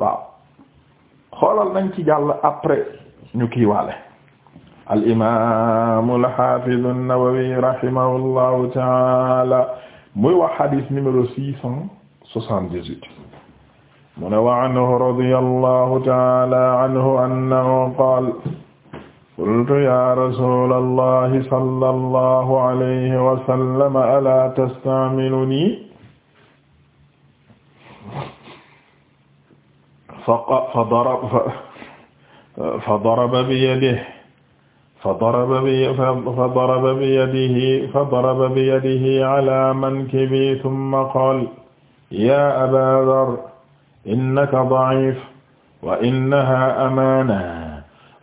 waaw xoolal nañ ci jàll après ñu kiiwaale al imam al hafiz an-Nawawi rahimahullahu taala muy wax hadith numéro six cent soixante-dix-huit mu ne wa anhu radiyallahu taala anhu annahu qaala qultu ya rasulallahi sallallahu alayhi wa sallam ala tastamiluni fa daraba bi yadihi fa daraba bi fa daraba bi yadihi fa daraba bi yadihi ala mankibi thumma qaala yaa abaa dharr innaka da'if wa innaha amaana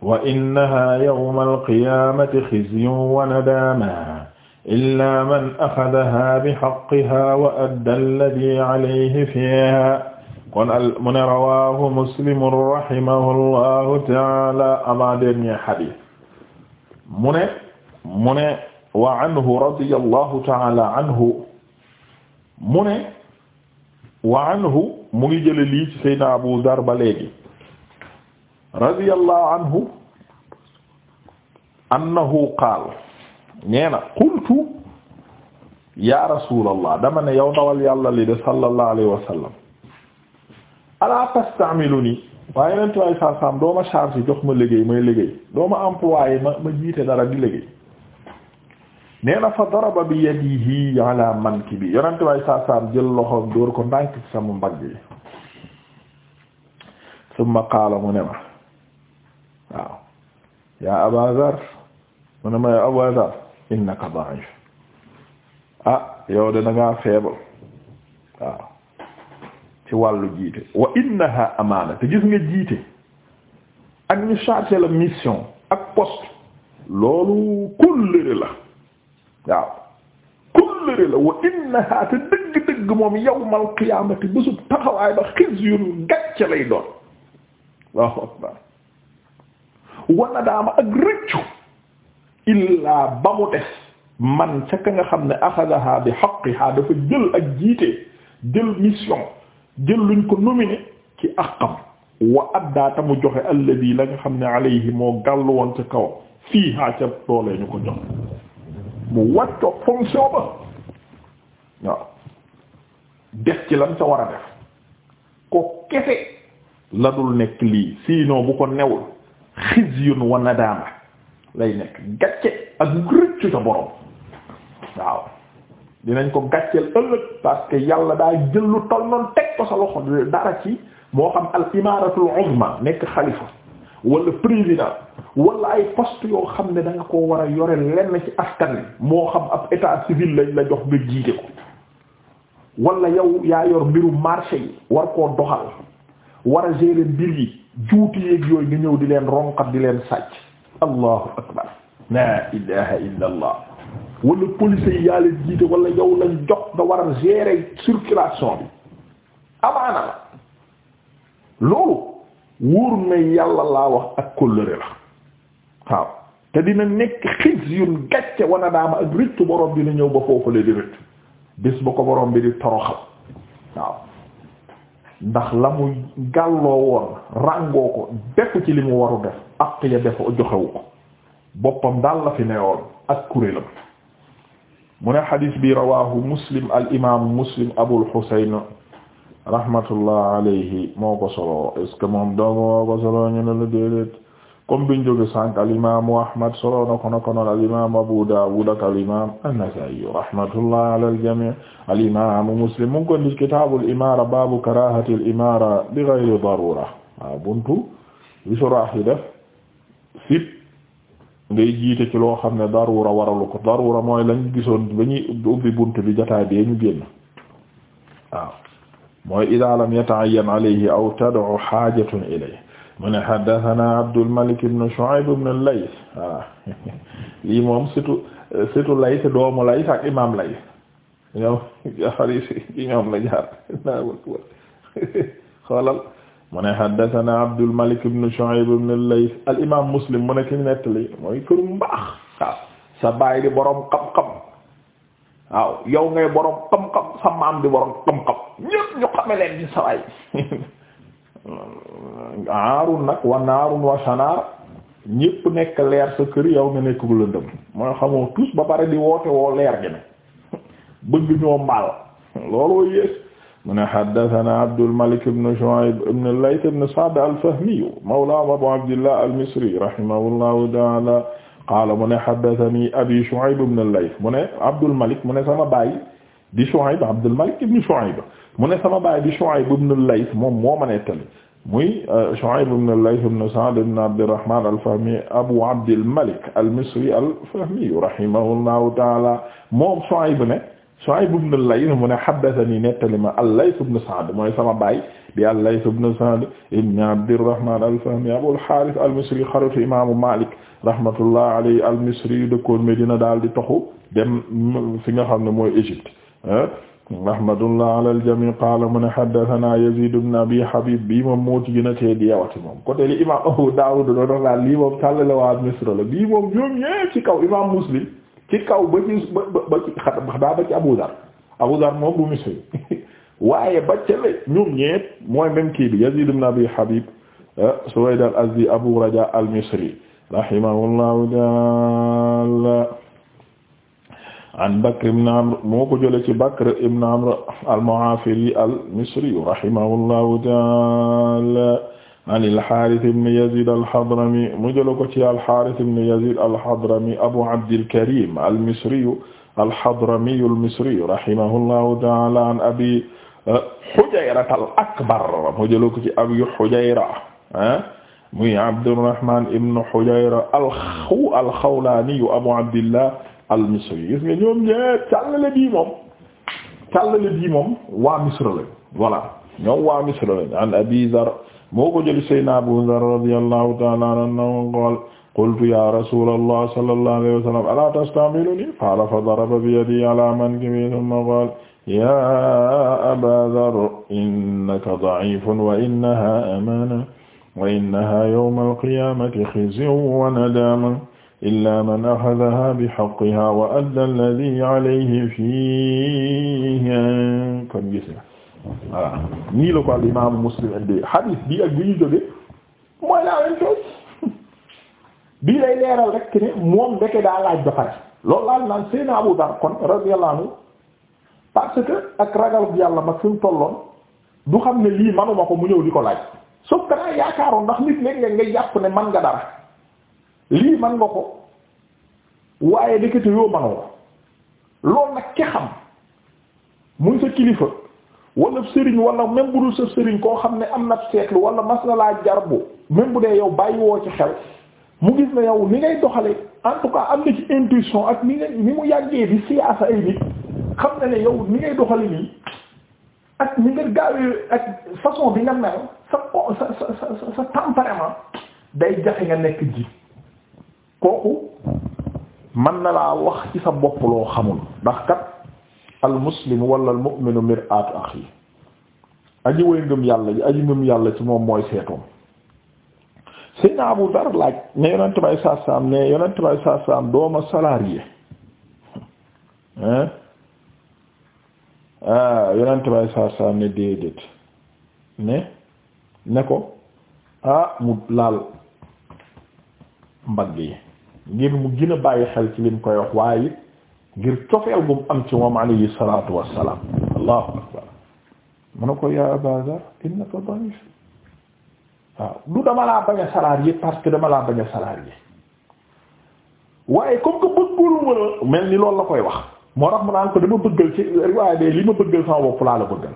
wa innaha yawmal qiyaamati khizyun wa nadaama illaa man akhadhaha bi haqqiha wa adda alladhii alayhi fiihaa kon al mu ne rawahu muslim rahimahullahu taala ama dernier hadith mu ne mu ne wa anhu radiyallahu taala anhu mu ne wa anhu mu ngi jële lii ci saydna Abu Dar ba léegi radiyallahu anhu annahu qaal nee na qultu ya rasulallah dama ne yow dawal yàlla li de sallallahu alayhi wa sallam ala tastamiluni waaye yeneen tuwaay saasam ma charge jox ma liggéey may liggéey doo ma employé ma ma jiite dara di liggéey nee fa daraba bi yadihi ala mankibi yeneen tuwaay saasam jël loxoom dóor ko ndànk ci sama mbagg yi summa qaala ne ma waaw yaa Aba Zarr mu ne ma yaa Aba Zarr innaka da'if ah yow de da ngaa waaw ci wàllu jiite wa innaha amaana te gis nga jiite ak ñu chargé la mission ak poste loolu kóllëre la waaw kóllëre la wa innaha te dëgg-dëgg moom yawmal qiyaamati bésub taxawaay ba xizyun gàcce lay doon Allahu akbar ak rëccu illaa ba mu des man ca nga xam ne axadaha bi haqqiha dafa jël ak jiite jël mission jël luñ ko nominé ci àqam wa addaata mu joxe bii la nga xam ne alayhi moo gàllu woon ca kaw fii haa ca loolee ñu ko jox mu wàccoog fonction ba waaw def ci lan sa war a def ko kese la dul nekk lii sinon bu ko newul xizyun wa nadaama lay nekk gàcce ak rëccu sa borom waaw dinañ ko gàcceel ëllëg parce que yàlla daa jël lu toll noonu teg ko sa loxo dara ci moo xam al imaratul uzma nekk xalifa wala président wala ay poste yoo xam ne da ko war a yore lenn ci askan moo xam ab état civil lañ la jox nga jiite ko wala yow yaa yor mbiru marché yi war koo doxal war a gérer mbir yi juuti yeeg yooyu nga ñëw di leen ronqat di leen sàcc allahu akbar la ilaha illa wala police yi yaa leen wala yow lañ jox nga war a gérer bi amaana la loolu wóor na yàlla laa wax ak kóllëre la waaw te dina nekk xizyun gàcce wana daama ak rëccu borom bi na ñëw ba foofale di rëccu bis ba ko borom bi di toroxal waaw ndax la mu gàlloo woon ràngoo ko defu ci li mu waru def ak ya def joxewu ko boppam daal la fi newoon ak kuréelam mu ne xadis bi rawahu muslim al imaamu muslim abul husayn rahmatullah alayhi moo ko solo est ce que moom dong moo ko solo ñu ne la déedéet comme biñ jóge sànq al imaamu ahmad solo na ko na ko noon al imaamu abu daawud ak al imaamu an-nasaa'i rahmatullah ala al jamii al imaamu muslim mu ngi ko ndi kitaabul imaara baabu karaahati al imaara bi ghayri darura waaw buntu bi suraax yi def ngay jiite ci loo xam ne darura waralu ko darura mooy lañ gisoon ba ñuy ubbi bunt bi jataay bee ñu génn waaw mooy ida lam yata'ayyan alayhi aw tad'u xaajatun ilayhi mu ne haddathana Abdul Malik ibn Shu'ayb ibn Layth ak imam Layth ñoom la jaar naa wër mu ne haddathana Abdul Malik ibn Shu'ayb ibn al-Layth al imaam Muslim mu ne ki nettali mooy këru mbaax sa baay di boroom xam-xam waaw yow ngay boroom xam-xam sa maam di boroom xam-xam ñépp nekk leer sa kër yow nga nekk bu lëndëm mooy xamoo tous ba pare di woote woo leer gi ne bëgg ñoo mbaal looloo yées mu ne haddathana Abdulmalik ibn Shu'ayb ibn al-Layth ibn Sa'd al-Fahmi mawla Abu Abdillah al-Misri rahimahullahu ta'ala qaala mu ne haddathani abi Shu'ayb ibn al-Layth mu ne Abdulmalik mu ne sama baay di Shu'ayb Abdulmalik ibn Shu'ayb mu ne sama baay di Shu'ayb ibn al-Layth moom moo ma nettali muy euh, Shu'ayb ibn al-Layth ibn Sa'd ibn Abdirrahman al-Fahmi Abu Abdilmalik al-Misri al-Fahmi rahimahullahu ta'ala moom Shu'ayb ne so ibn al-Layth mu ne haddathanii nettali ma al-Layth ibn mooy sama baay di al-Layth ibn Sa'd ibn Abdirrahmaan al-Fahmi Abul Haarith al-Misri xaritu imaamu Maalik rahmatullahi alayhi al-Misri dëkkoon Medina daal di toxu dem fi nga xam ne mooy Égypte ah. rahmatullahi ala al-jamii' qaala mu ne haddathanaa Yaziid ibn Abi Habiib a tee deewati moom côté li imaam Abu Daawuud doon moom tàllale waa Misra la bii moom ñoom kaw Muslim ci kaw ba ci ba ba ci xanaa ba ci Abu Dar Abu Dar moom du misri waaye ba cële ñoom ñépp mooy même kii bi Yazid ibn Abi Habib eh, Suwayd al-Azdi Abu Raja al-Misri rahimahullahu ta'ala an Bakr ibn Amr moo ko jële ci Bakr ibn Amr al-Mu'afiri al-Misri rahimahullahu ta'ala an al-Haaris ibn Yaziid al-Hadrami mu jël ko ci al-Haaris ibn Yaziid al-Hadrami Abu Abdil-Kariim al-Misri al-Hadrami al-Misri rahimahullahu ta'aala an Abi uh, Hujayra al-Akbar mu jël ko ci Abi Hujayra uh, muy Abdurrahmaan ibn Hujayra al-Xawlaani Abu Abdillah al-Misri gis nga ñoom ñëpp càllale bii moom càllale bii moom waa Misr lañ voilà ñoom waa Misr lañ an Abi Zarr moo ko jëli saydna Abu Dharr radiyallahu ta'ala anhu qaal qultu ya rasulallah sallallahu alayhi wa sallam alaa tastamiluni qaala fa daraba bi yadihi ala mankibi thumma qaal ya aba Dharr innaka da'ifun wa innaha amana wa innaha yawma alqiyamati khizyun wa nadama illa man axadaha bihaqqiha wa adda alladhi alayhi fiha kon gis na voilà nii la ko al imaamu muslim indi hadith bi ak bi ñu jóge mooy laa leen chose bii lay leeral rek ne moom ndeke daa laaj ba pare loolu laal naan Seydina Abu Dar kon radiyallahu anhu parce que ak ragalub yàlla mag fi mu tolloon du xam ne lii manuma ko mu ñëw di ko laaj sauf que naa yaakaaroon ndax nit léeg nga jàpp ne man nga dara lii man nga ko waaye ndekete yoo manoo ko nag ke xam muy sa kilifa wala sëriñ wala même bu dul sa sëriñ koo xam ne am na seetlu wala mas na laa jarbu même bu dee yow bàyyiwoo ci xel mu gis na yow ni ngay doxale en tout am na ci intuition ak ni nga ni mu yàggee di siyaasa ay nit xam na ne yow ni ngay doxale nii ak ni nga gaawee ak façon bi nga mel sa sa sa sa sa tempérament day jafe nga nekk ji kooku mën na laa wax ci sa bopp loo xamul ndax kat. al muslim wala al mu'minu mir'atu axi aji way ngëm yàlla ji aji ngëm yàlla ci moom mooy seetoom Seydina Abu Dar laaj ne yonent bay saa saam ne yonent bay saa saam dooma salarié ah, ne déedéet ne ne ko ah mu laal mbagg yi ngir mu gën a bàyyi xel ci lim koy wax waaye ngir cofeel bu mu am ci moom alayhi salaatu ko yaa Abaa Zarr innaka da'if waaw du dama laa bañ a parce que dama laa bañ a waaye comme que bëggul ma mel ni loolu la koy wax moo tax mu naan ko dama bëggal ci riwaay bi li ma bëggal sama bopp laa la bëggal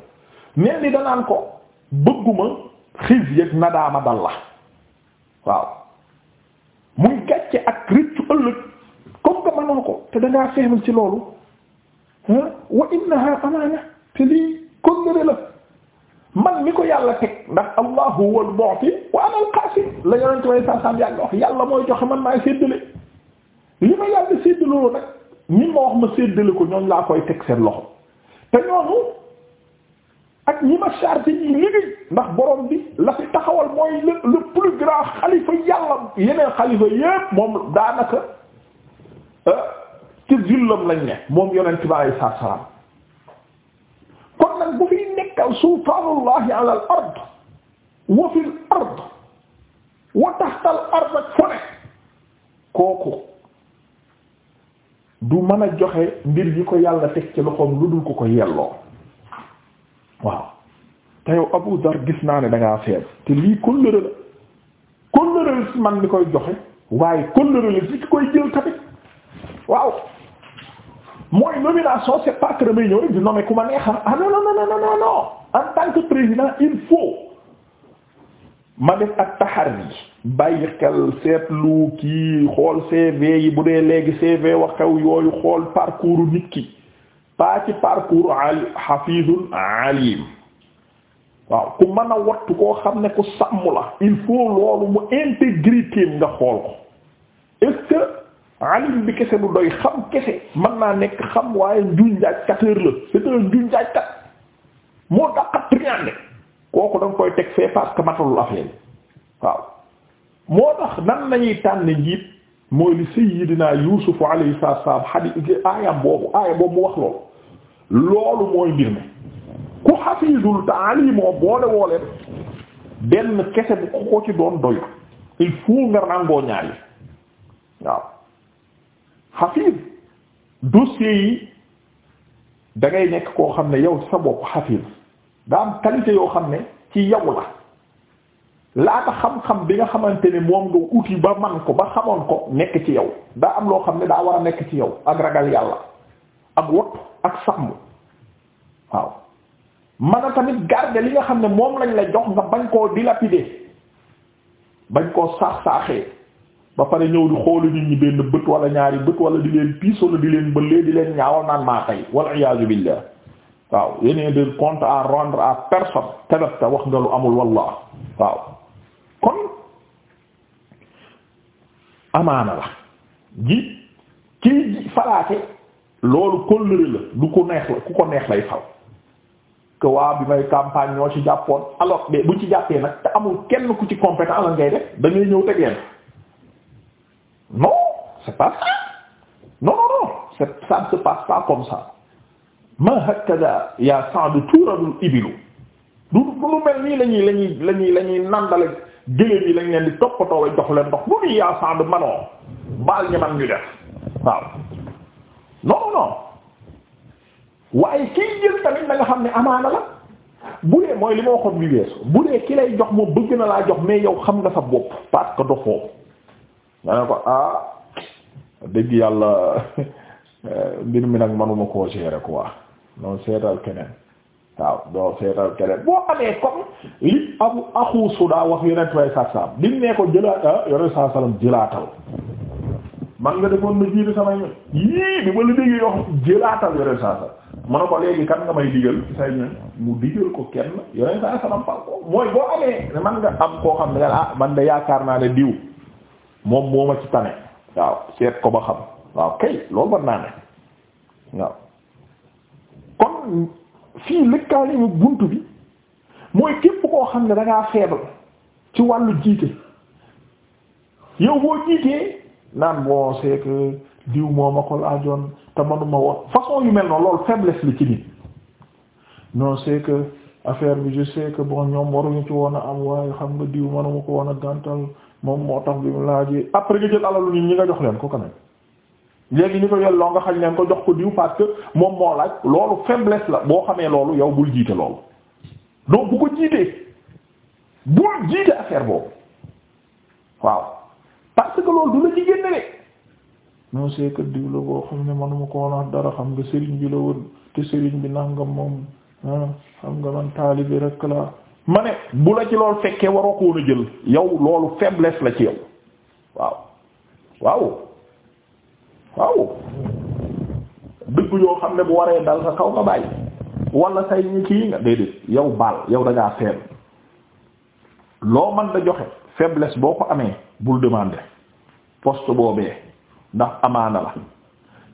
mel ni danaan ko bëgguma xis yëg nadaama dal la waaw muy gàcce ak rëccu ëllëg mënoo ko te da ngaa ci loolu ah wa innaha amaana te lii kóllëre la man mi ko yàlla teg ndax allahu huwal mu'ti wa ana al-qaasim la yonent way sa yàlla mooy joxe man maay séddale li ma yàlla séddaloo nag ñi ma wax ma séddale ko ñooñ laa koy teg seen loxo te ñooñu ak ñi ma chargé ñi liggéey ndax borom bi la fi taxawal mooy le plus grand xalifa yàlla yeneen xalifa yépp moom daanaka Ah, ci zullam lañ ne moom yonent bi alayhi salaatu salaam kon nag bu fi nekkal sultaanullahi ala ard wa fi ard wa taxta al ard ak fone kooku du mën a joxe mbir yi ko yàlla teg ci loxoom lu dul ko ko yelloo waaw te Abu Dar gis naa ne da ngaa te lii kóllëre la man mi koy joxe waaye kóllëre la ki koy jël tamit waaw mooy nomination c'est pas que damay ñëw rek di nommer ku ma neex ah, ah non non non non non non en tant que président il faut ma def ak taxar bi bàyyi xel seetlu kii xool CV yi bu dee léegi CV wax xew yooyu xool parcours nit ki pas ci parcours ali hafizun alim waaw ku mën a wattu koo xam ne ku sàmm la il faut loolu mu intégrité nga xool ko est-ce que alim bi kese du doy xam kese mën naa nekk xam waaye njuñ njaaj kateer la c'est kat moo daqat triande kooku da koy teg fee parce que matalul affaire waaw moo tax nan nañuy tànn njiit mooy li sayyidina yuusufu alayhi salaam xadiis aayam boobu aayam boobu mu wax loolu loolu mooy mbir mi ku xafiidul taalimoo boole wooleen benn kese bu ko ko ci doon doy il faut nga ràngoo ñaari waaw xafiis dossier yi da nekk koo xam ne yow sa bopp xafiis daa am qualité yoo xam ne ci yow la laata xam-xam bi nga xamante ne moom nga uti ba man ko ba xamoon ko nekk ci yow daa am loo xam ne daa war a nekk ci yow ak ragal yàlla ak wottu ak sàmm waaw mën a tamit garder li nga xam ne moom lañ la jox nga bañ koo dilapider bañ koo saax-saaxee ba pare ñëw di xoolu nit benn bët wala ñaari bët wala di leen piis wala di leen bëlee di leen ñaawal naan maa tey wal iyaazu billah waaw yeneen de compte à rendre à personne tabata wax nga lu amul wallah waaw kon amaana la ji kii falaate loolu kóllëre la du ko neex ku ko neex lay fal que waa bi may campagne ñoo ci jàppoon alors mais bu ci jàppee nag te amul kenn ku ci compétent la ngay def da ngay ñëw tegeen non c'est pas ça non non non c'est passe comme ça ma hakada yaa Sa'd tuuradul ibilu du lu mel nii la ñuy lañuy ñuy la ñuy la ñuy nandale géléen yi lañ leen di toppatoo jox leen ndox bu nuy yaa Sa'd manoo baal ñi ñu def waaw non non waaye kiy jël tamit da nga xam ne amaana la bu mooy li ma waxoon bi weesu bu ki lay jox moom bëgg na laa jox mais yow xam nga sa bopp parce que dofoo nga ne ko ah dëgg yàlla mbir mi nag manuma koo gérer quoi non seetal keneen waaw doo seetal keneen boo amee comme li abu axu suda wax yonent way satsam lim ko jëlaat saa sallam nga defoon na jiitu yii bi ma la déggee wax jëlaatal yonent saa sallam mu ne ko léegi kan nga may digal ci say ñoñ mu digal ko kenn yonent saa sallam par ko mooy boo amee man nga am koo xam ne ah man de yaakaar naa ne diw moom moo ma ci tane waaw seet ko ba xam waaw kay loolu war naa waaw kon fii lëkkaale bunt bi mooy képp koo xam ne dangaa ngaa ci wàllu jiite yow boo jiitee naan bon c'est diw moo ma ko laajoon te manuma woon façon yu mel noonu loolu faiblesse ci nit non c'est que affaire bi je sais que bon ñoom waruñu ci woon a am waaye xam nga diw manuma ko woon a gàntal moom moo tax bi mu laajee après nga jël alalu nit ñi nga jox leen ko kanam léegi ñu ko yelloo nga xañ leen ko jox ko diw parce moom moo laaj loolu faiblesse la boo xamee loolu yow bul jiite loolu ko jiitee bul jiite affaire boobu waaw parce que loolu du la ci génne de non c'est que boo xam ne manuma ko woon dara xam nga sëriñ bi la woon te sëriñ bi nangam moom ah, xam nga man taalibe rek la ma ne bu la ci lool fekkee waroo ko woon jël yow loolu faiblesse la ci yow waaw waaw waaw dëgg yoo xam ne bu waree dal sa kaw nga bàyyi wala say ñi kii nga déedéet yow baal yow da ngaa loo mën da joxe faiblesse boo ko amee bul demande poste boobee ndax amaana la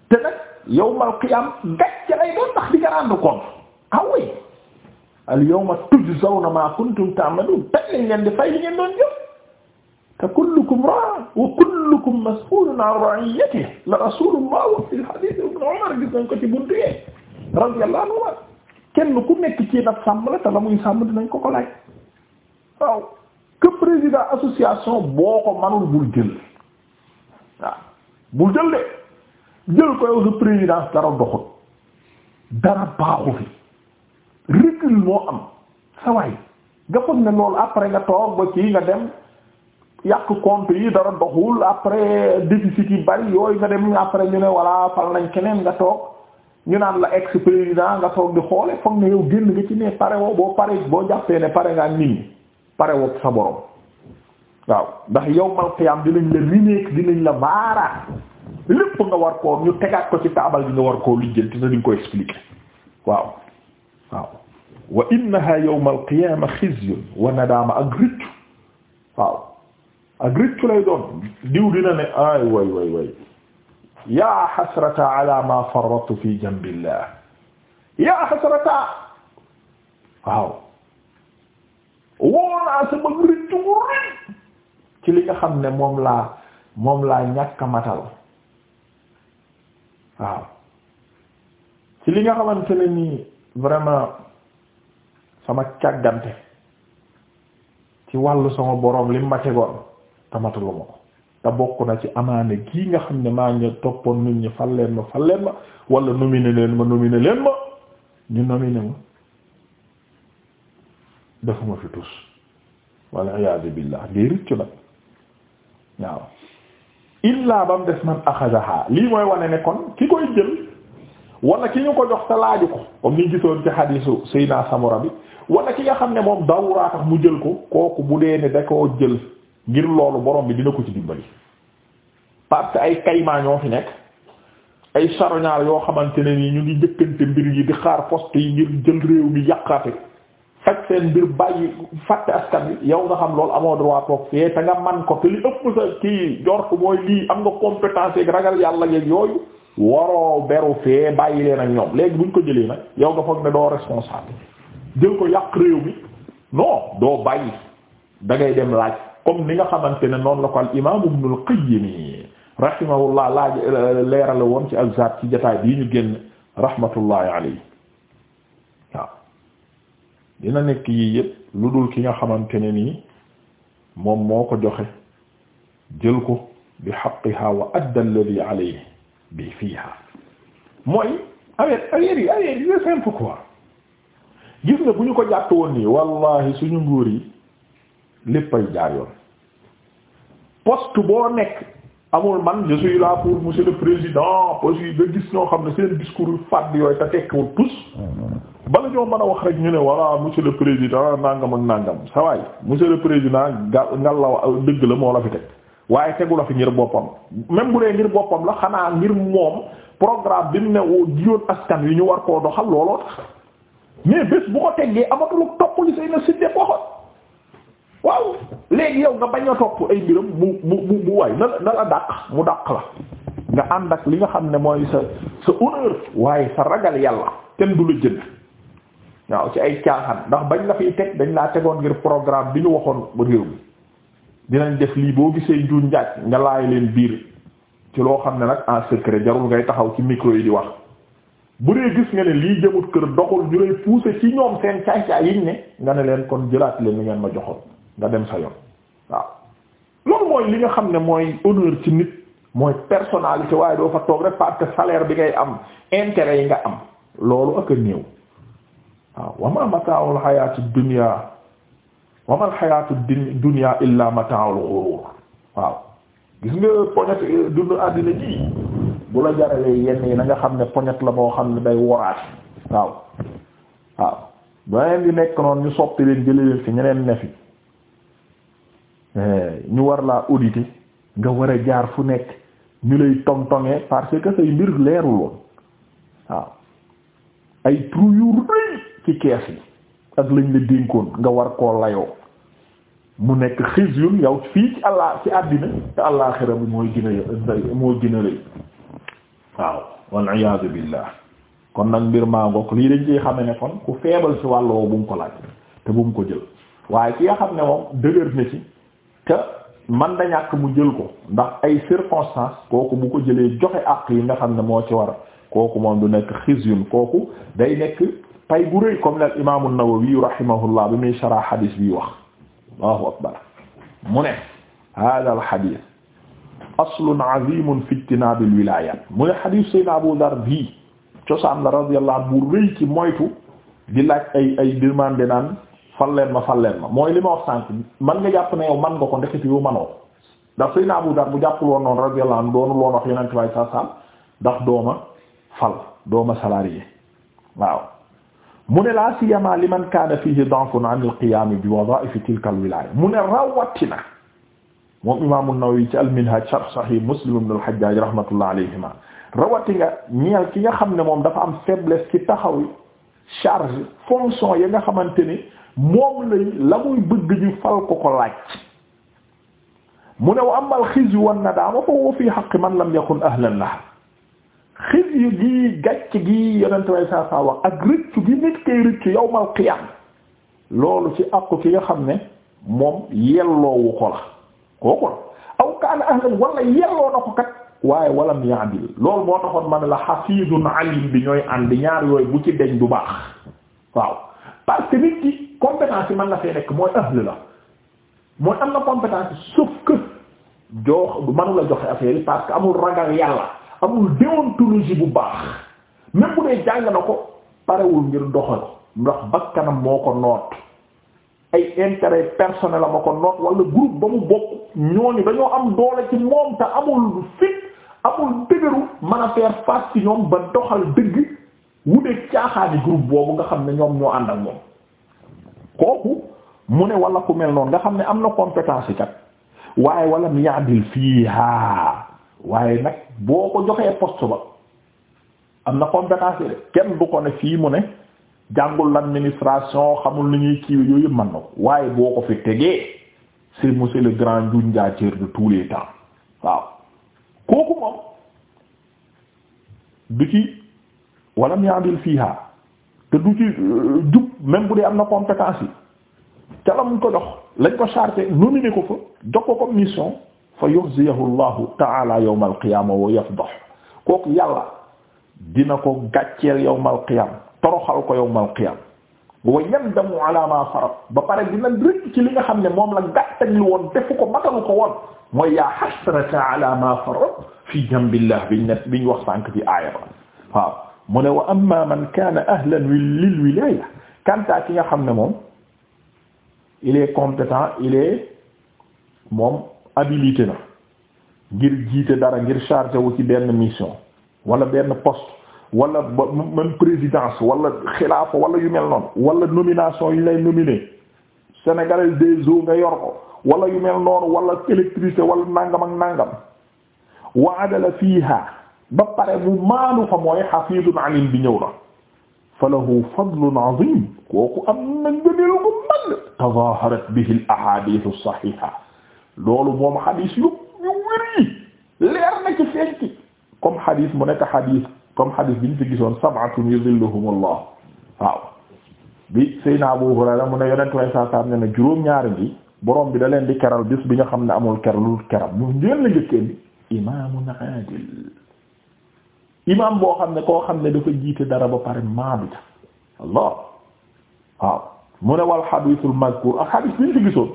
te nag yow mal xiyaam gàcce lay doon ndax di nga rendre compte ah al yawma tujzawna ma kuntum ta'malun tey lañ leen di fay li ngeen doon jëf te kullukum raa'in wa kullukum mas'ulun 'an ra'iyyatihi la wa fil hadith ibn umar gis nañ ko ci buntu kenn ku nekk ci nag sàmm la te la muy sàmm dinañ ko ko laaj waaw que président association boo ko manul bul de jël ko yow sa présidence dara doxut dara fi recul moo am sa waay nga foog ne loolu après nga toog ba kii nga dem yàq compte yi dara doxul après déficit yi bari yooyu nga dem après ñu ne walla fal nañ keneen nga toog ñu naan la ex président nga toog di xoole foog ne yow génn nga ci ne pare woo boo pare boo jàppee ne pare ngaa nit ñi pare woo sa borom waaw ndax yawmal qiyaam dinañ la mineek dinañ la baaraat lépp nga war koo ñu tegaat ko ci taabal bi nga war koo lijjanti te duñ ko expliquer waaw waaw wa innaha yawma alqiyama xizyun wa nadaama ak rëccu waaw ak rëccu lay doon diw dina ne ay way way way yaa xasrata ala ma farrattu fi janbillah yaa xasrata waaw woonaa sama rëccu mu rëy ci li nga xam ne moom laa moom laa ñàkk a matal waaw ci li nga xamante ne nii vraiment sama càggante ci wàllu sama boroom li ma tegoon tamatuluma ko te bokk na ci amaane gii nga xam ne maa ngi toppoon nit ñi fal leen ma fal leen ma wala nominé leen ma nominé leen ma ñu nominé ma defuma fi tus walla iyaazu billaah ngay rëccu nag waaw illaa ba des man axasaha lii mooy wane ne ki koy jël wala ki ñu ko jox te laaju ko comme ni gisoon ci xadiisu Seydina Samura bi wala ki nga xam ne moom dawraa tax mu jël ko kooku bu dee ne da jël ngir loolu borom bi dina ko ci dimbali parce que ay kaymaa ñoo fi nekk ay charognard yoo xamante ne nii ñu ngi jëkkante mbir yi di xaar poste yi ngir jël réew mi yàqaate faj seen mbir bàyyi fàtte askan bi yow nga xam lool amoo droit toog fee te nga man ko te li ëpp sa kii jor ko mooy lii am nga compétence yeeg ragal yàlla yeeg yooyu waroo beru fee bàyyi leen ak ñoom léegi buñ ko jëlee nag yow nga foog ne doo responsable jël ko yàq réew mi non doo bàyyi da ngay dem laaj comme ni nga xamante ne noonu la ko al imaam Ibnul Qayyim rahimahullah laaj euh, leerale woon ci Al-Zaad ci jotaay bii ñu génn rahmatullahi alayhi dina nekk yii yëpp lu dul ki nga xamante ne nii moom moo ko joxe jël ko bi haqqiha wa adda alladhi alayhi bi fiiha mooy affaire affaire yi affaire yi c'est quoi gis nga bu ñu ko jàtt woon nii wallahi suñu nguur yi léppay jaar yoon poste boo nekk amul man je suis là pour monsieur le président parce que nga gis ñoo xam ne seen discours yu fàdd yooyu te tekkiwul tous bala ñoo mën a wax rek ñu ne voilà monsieur le président nangam ak nangam sawaay monsieur le président ga ngalla dëgg la moo la fi teg waaye tegu la fi ngir boppam même bu dee ngir boppam la xanaa ngir moom programme bi mu ne woo jiyoon askan wi ñu war koo doxal looloo tax mais bés bu ko teggee amatul topp li say na siddeek waxoon waaw léegi yow nga bañ a topp ay mbiram mu mu mu mu na la na la dàq mu dàq la nga ànd ak li nga xam ne mooy sa sa honneur waaye sa ragal yàlla kenn du la jënd waaw ci ay caaxaan ndax bañ la fiy teg dañ laa tegoon ngir programme bi ñu waxoon réew mi dinañ def lii boo gisee njuuñ njaaj nga laay leen biir ci loo xam ne nag en secret jarul ngay taxaw ci micro yi di wax bu dee gis nga ne lii jëmut kër doxul ñu lay pousser ci ñoom seen caay-caay yiñ ne nga ne leen kon jëlaat leen li ngeen ma joxoon nga dem sa yoon waaw loolu mooy li nga xam ne mooy honneur ci nit mooy personnalité waaye doo fa toog rek parce que salaire bi ngay am intérêt yi nga am loolu ak a néew waaw wama mata'ul hayatid dunya wa mal xayaatu dunya illa mata'ul ghurur waaw gis nga poñet euh, dund àddina ji bu la jaralee yenn yi na xam ne poñet la boo xam ne day woraat waaw waaw beneen di nekk noonu ñu soppi leen jële leen fi ñeneen ne fi eh, ñu war laa auditer nga war a jaar fu nekk ñu lay tong-tongee parce que say mbir leerul waaw ay trou rëy ci kees yi ak lañ la dénkoon nga war koo layoo mu nekk xizyun yow fii ci allah ci àddina te àllaaxira bi mooy gën a mooy gën a rëy waaw wal iyaadu billah kon nag mbir maa ngoog lii dañ ciy xame ne kon ku feebal ci wàll woowu ko laaj te bu ko jël waaye ki xam ne moom dëgër na ci te man da ñàkk mu jël ko ndax ay circonstances kooku bu ko jëlee joxe àq yi nga xam ne moo ci war kooku moom du nekk xizyun kooku day nekk pay bu rëy comme l'imam an-Nawawi rahimahullah bi muy sarah hadis bi wax allahu akbar mu ne hada al hadith aslun azimun fi ijtinab al wilayat mu ne hadith sayyid Abu Dharr bi cosaan la radiyallahu anhu bu rëy ci moytu di laaj ay ay naan fal leen ma fal leen ma mooy li ma wax sànq man nga jàpp ne yow man nga ko ndekete yow manoo ko ndax sayyid Abu Dharr bu jàppul woon noonu radiyallahu anhu doonul woon wax yeneen tubaab yi saa ndax dooma fal dooma salarié waaw. mu ne laa li liman kaana fihi da'fun an al-qiyaam bi wadaa'if tilka al-wilaaya mu ne rawatina moom imaam an-Nawawi ci al-Minhaaj sharh Sahih Muslim ibn al-Hajjaaj rahmatullah alayhima rawati nga ñeel ki nga xam ne moom dafa am faiblesse ci taxaw charge fonction yi nga xamante ni moom lay la muy bëgg ñu fal ko ko laaj mu ne wa amma al-xizyu wan-nadaama fa huwa fii haqqi man lam yakun ahlan lahaa xis yu gi gàcc gi yonente way saa saa wax ak rëccu gi nit koy rëccu yawmal qiyaam loolu ci àqu ki nga xam ne moom yelloowu ko la kooku la aw kaana ahlan wala yelloo na ko kat waaye walam yaadil loolu moo taxoon ma ne la xafiidun alim bi ñooy àndi ñaar yooyu bu ci deñ du baax waaw parce que nit ki compétence yi mën na fee nekk mooy ahl la mooy am na compétence sauf que joox manula joxe affaire yi parce que amul ragal yàlla amul déontologie bu baax même dee jàng na ko parewul ngir doxal ndax kanam moo ko noot ay intérêt personnel am a ko noot wala groupe ba mu bokk ñooñu dañoo am doole ci moom te amul fit amul dëgëru mën a faire face ci ñoom ba doxal dëgg wuteeg caaxaani groupe boobu nga xam ne ñoom ñoo ànd ak moom kooku mu ne walla ku mel noonu nga xam ne am na compétence yi kat waaye wala mu yaadil fiiha waaye nag boo ko joxee poste ba am na compétence yi de kenn du ko ne fii mu ne jàngul l'administration xamul ni ñuy kiiwe yooyu man na ko waaye boo ko fi tegee c'est monsieur le grand Ndiou Ndiathir de tous les temps waaw kooku moom du ci wala miandil fiiha te du ci euh, jub même bu dee am na compétence yi ca la mu ko jox lañ ko chargé nominé ko fa jox ko comme mission fa yuxziyahu allahu taala yawm alqiyama wa yafdah kooku yàlla dina ko gàcceel yawm alqiyam toroxal ko yawm alqiyam wa yandamu ala ma farat ba pare dina rëcc ci li nga xam ne moom la gàttañlu woon defu ko matalu ko woon mooy yaa xasrata ala ma farat fi jambillah biñ ne biñ wax sànk ci aaya ba waaw mu ne wa amma man kaana ahlan lil wilaya kanta ki nga xam ne moom il est compétent il est moom habilité na ngir jiite dara ngir chargé wu ci benn mission wala benn poste wala ba même présidence wala xilaafa wala yu mel wala nomination yu lay nominé sénégalais des eaux nga yor ko wala yu mel wala électricité wala nangam nangam wa adala fiiha ba pare bu maanu fa mooy hafizun alim bi ñëw na fa lahu fadlun azim kooku am na ngëneel gu al ahadith as-sahiha loolu moom xadiis yu ñu wéri leer na ci fenki comme xadiis mu nekk xadiis comme xadiis bi ñu fi gisoon sab'atun yuzilluhumullah waaw bi Seydina Abu Hurayra mu ne yonent way saa saam ne ne juróom-ñaari bi borom bi da leen di keral bis bi nga xam ne amul ker lu keram ñu njël la njëkkeen bi imaamun adil imaam boo xam ne koo xam ne dafa jiite dara ba pare maandu ca Allah waaw mu ne wal xadiisul mazkur bi ñu fi gisoon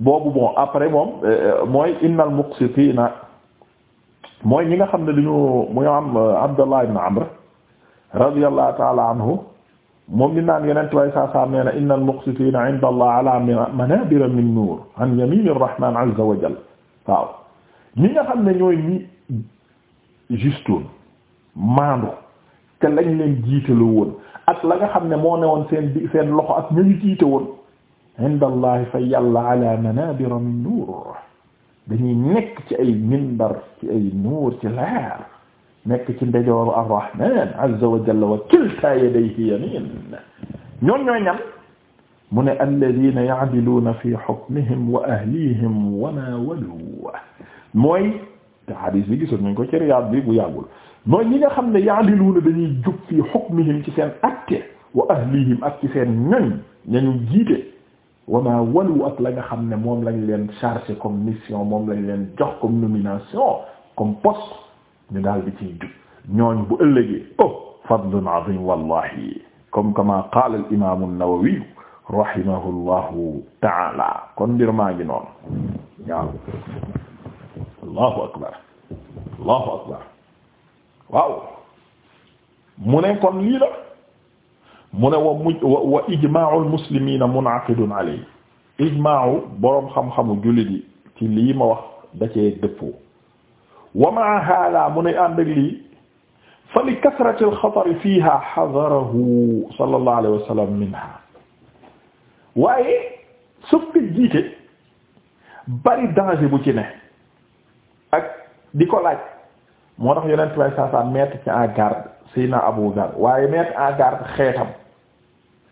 boobu bon après moom euh, euh, mooy innal muqsitina mooy ñi nga xam ne dañu muy am euh, Abdallah ibn Amr radiyallahu ta'ala anhu moom li naan yeneen way saa saa nee na innal muqsitina 'inda Allah ala manabira min nuur an yaminir rahman 'azza wa jalla waaw nga xam ne ñooy ñi justoon maandu te lañ leen jiitale woon ak la nga xam ne moo ne woon seen bi seen loxo ak ñu jiite woon inda allah fa yàlla ala manabira min nuur dañuy nekk ci ay minbar ci ay nuur ci leer nekk ci ndejooru arrahman azza wa jalla wa kilta yadayhi yamin ñoon ñooy ñan mu ne alladina yaadiluuna fi hukmihim wa ahlihim wa ma walu mooy te hadis bi gisoon nañ ko ci Riyaad bi bu yàggul mooy ñi nga xam ne yaadiluuna dañuy jub fi hukmihim ci seen atte wa ahlihim ak ci seen ñoñ ñañu jiite wama walu ak la nga xam ne moom lañ leen chargé comme mission moom lañ leen jox comme nomination comme poste ñu daal di ciy jub ñooñ bu ëllëgee oh fadlun azim wallahi comme kama qaala al imam an-Nawawi rahimahullahu taala kon mbir maa ngi noonu waaw waaw mu ne kon mu ne wa muj wa ijmaa'ul muslimiina mun'aqidun alayhi ijmaa'u boroom xam-xamu jullit yi ci lii ma wax da cee dëppoo wa ma'a haadaa mu ne ànd ak lii fa li kasrati al-xatari fiihaa hadarahu sallallahu alayhi wa sallam minhaa waaye suuf si jiite bari danger bu ci ne ak di ko laaj moo tax yonent way saa saa mettre ci en garde Seydina Abu Dharr waaye mettre en garde xeetam.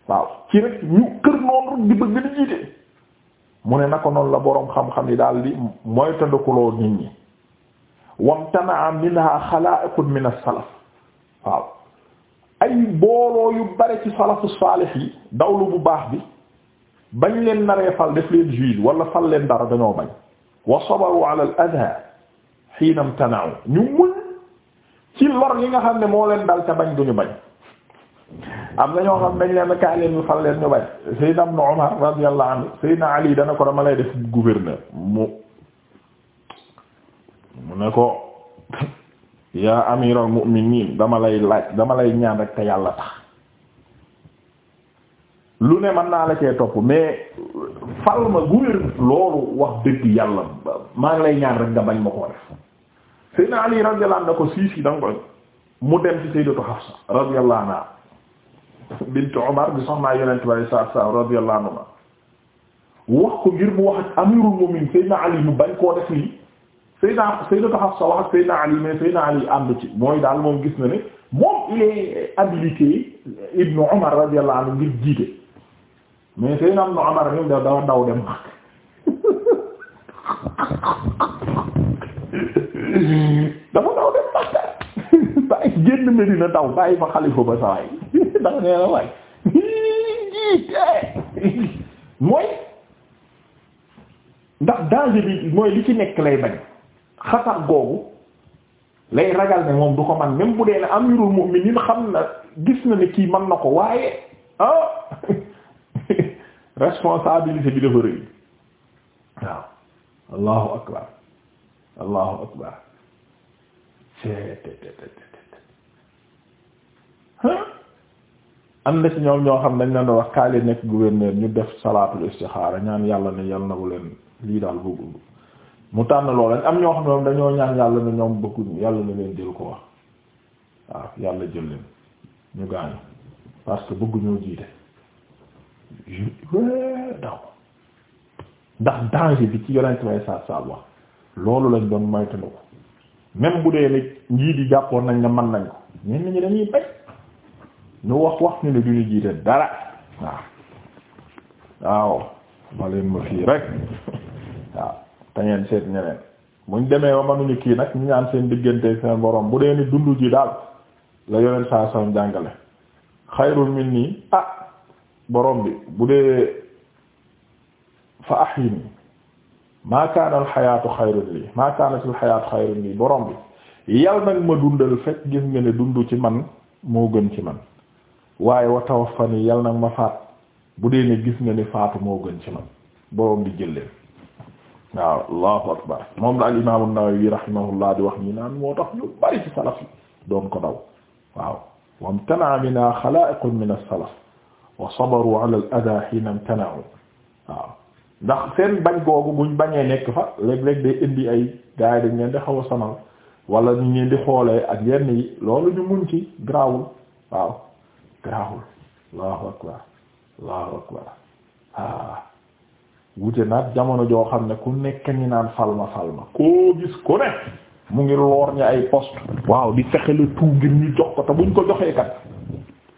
waaw ci rek ñu kër noonu di bëgg di jiite mu ne naka noonu la boroom xam-xam yi daal di mooy tëddakuloo nit ñi wamtanaa minha xalaaiqun min as-salaf waaw ay booloo yu bare ci salafu saalih yi dawlu bu baax bi bañ leen naree fal def leen juge wala fal leen dara dañoo bañ wa sabaru ala al-adha hiina ñu muñ ci lor yi nga xam ne moo leen dal te bañ duñu bañ am na ñoo xam dañ leen kaay leen ñu fal leen ñu bañ Seydina Ibn Umar radiyallahu anhu Seydina Ali dana ko dama lay def gouverneur mu mu ne ko yaa amiral mu'minin dama lay laaj dama lay ñaan rek te yàlla tax lu ne mën naa la cee topp mais fal ma gouverneur loolu wax dëgg yàlla maa ngi lay ñaan rek nga bañ ma koo def Seydina Ali radiyallahu anhu ne ko sii sii danga ko mu dem ci Sayyidatu Hafsa radiyallahu anha bint Umar bi soxnaa yonent bi alayhi salaatu wa salaam radiyallahu anhuma wax ko ngir mu wax ak amirul mu'minin Ali mu bañ koo def lii Seydina Seydina Hafsa wax ak Ali mais Seydina Ali ànd ci mooy daal moom gis na ne moom il est habilité Ibnu Umar radiyallahu anhu ngir jiite mais Seydina Ibnu Umar ñoom daw dem mag dem mag bàyyi génn Medina daw bàyyi fa xalifa ba sawaay dafa nee na waay mooy ndax danger bi mooy li ci nekk lay bañ xatar googu lay ragal ne moom du ko man même bu dee ne amirul mu'minin xam na gis na ne kii man na ko waaye ah responsabilité bi dafa waaw allahu akbar allahu akbar c'est am na ci ñoom ñoo xam dañ leen di wax kaay nekk gouverneur ñu def salaatul istixaara ñaan yàlla ne yàlla na bu leen lii daal bëgguñu mu tànn loolu am ñoo xam ne dañoo ñaan yàlla ne ñoom bëgguñu yàlla na leen jël ko wax waaw yàlla jël leen ñu gaañu parce que bëgguñoo jiite daw ndax danger bi ci yonent bay saab saab wax loolu lañ doon moytandiku même bu dee ne njiit yi jàppoon nañ ne mën nañ ko ñenn ñi dañuy bay ñu wax wax ñu ne du ñu dara waaw waaw ma leen ma fii rek waaw te ngeen seet ñeneen muñ demee ba mënuñu kii nag ñu ñaan seen diggante seen borom bu dee ni dundu ji daal la yoneen saa sam jàngale xayrun minni ah borom bi bu dee fa ahyini maa kaana al xayaatu xayrun lii maa kaanat xayaatu xayrun lii borom bi yal nag ma dundal fekk gis nga ne dund ci man moo gën ci man waaye wa tawaffani yal nag ma faat bu dee ne gis nga ni faatu moo gën ci man boroom di jël waaw allahu akbar moom la al imaamu Nawawi rahimahullah di wax ñi naan moo tax ñu bari ci salaf yi doon ko daw waaw wamtana minna xalaa'iqun min as-salaf wa sabaru ala ndax seen bañ googu buñ bañee nekk fa léeg-léeg day indi ay gars yi dañ leen di xaw a sonal ñu leen di xoolee ak yenn yi loolu ñu mun ci grawul waaw garaawul allahu akbar allahu akbar ah wute naat jamono joo xam ne ku nekk ni naan falma falma koo gis ku ne mu ngi loor ñi ay poste waaw di fexe le tout ngir ñu jox ko te buñ ko joxee kat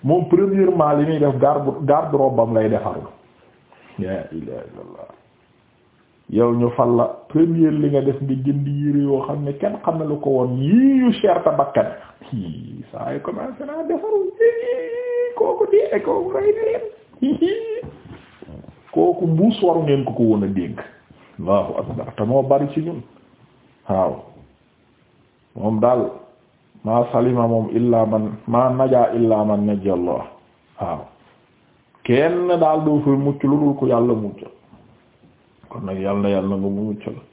moom premièrement li muy def garde garde robe bam lay defarul yow ñu fal la première li nga def nga jënd yére yoo xam ne kenn xam ne lu ko woon yii yu cher bakkan saa yu commencé naa defarul kooku dee kooku rey na kooku mbuus waru ngeen ko ko woon a dégg allahu akbar te moo bari ci ñun waaw moom daal maa salima moom illaa man maa najaa illaa man najaa allah waaw kenn daal doo fi mucc lu dul ko yàlla mucc kon nag yàlla yàlla nga mu mucc la